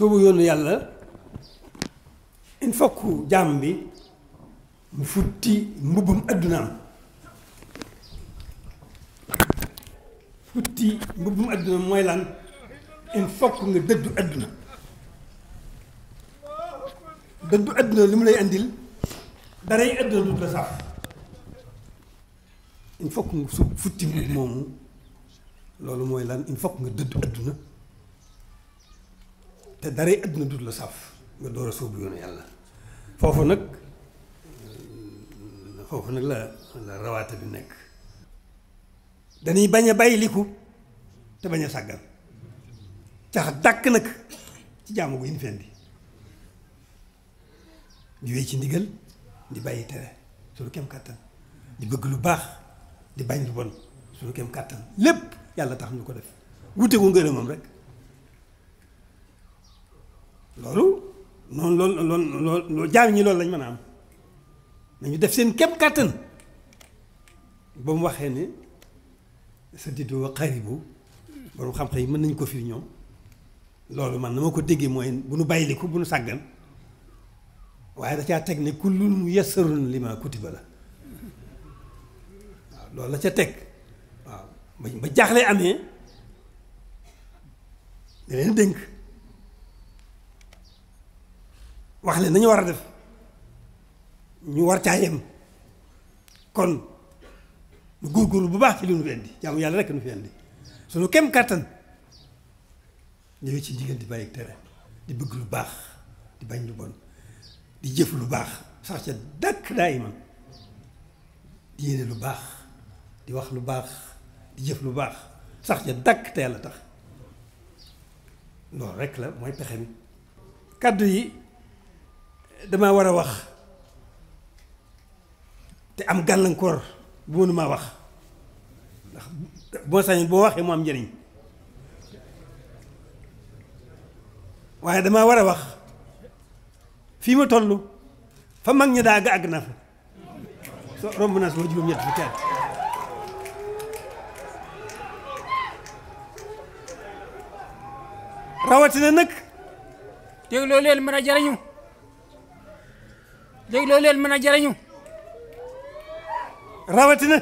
soobu yoonu yàlla il faut jaam bi mu futti mbubbum addunaam futti mbubbum addunaam mooy lan il faut que nga dëddu adduna dëddu adduna li mu lay andil daray adduna du la saaf il faut que nga futti mbubb moomu loolu mooy lan il faut nga dëddu adduna te dara aduna dut la saf nga door a soobu yoonu yàlla foofu nag foofu nag la la bi nekk dañuy bañ a liku te bañ a sàggal cax dàkk nag ci jaamu gu yin fendi di wéy ci ndigal di bàyyi tere suñu kem kàttan di bëgg lu baax di bañ lu bon suñu kem kàttan lépp yàlla tax ñu ko def wute gu ngërëmam rek loolu noonu loolu loolu loolu jaam loolu lañ mën a am nañu def seen kéem kàttan ba mu waxee ni sa diddoo wa xaribu borom xam-xam yi mën nañ ko firi ñoom loolu man na ma ko déggee mooy bu nu bàyyiliku bu nu sàggan waaye da caa teg ne kullun mu yassarun lima kutiba la waaw loolu la ca teg waaw ba jaaxle amee da leen dénk wax leen nañu wara def ñu war ca yem kon ñu góorgóorlu bu baax ci li ñu fendi so yalla rek nu fi suñu kem katan ñu ci diggante bàyyi ak tere di bëgg lu baax di bañ lu bon di jëf lu baax sax ca dàkk daa di yéne lu baax di wax lu baax di jëf lu baax sax ca tax rek la moy mi yi damaa war a wax te am gàllankoor bu mënumaa wax ndax boo sañ boo waxee mu am njëriñ waaye damaa war a wax fii ma toll fa mag ñi daa ga àgg naa fa so romb naa sama juróom-ñett fi teel rawatina nag. te loolu leen mën a jariñu day loo leen mën a jariñu rawatina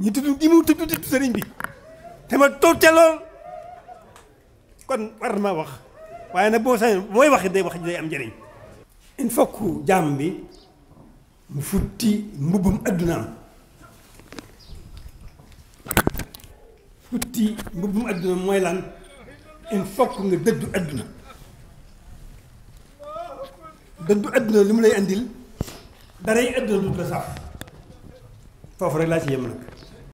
ñu tudd gi mu tudd tudd sëriñ bi te ma toog ca lool kon war ma wax waaye nag boo sañoon mooy wax day wax day am njëriñ il faut que jaam bi mu futti mbubbum addunaam futti mbubbum addunaam mooy lan il faut nga dëddu adduna أدنى لملاي أندل داري أدنى دوت لصاف فوف رجلاتي يملك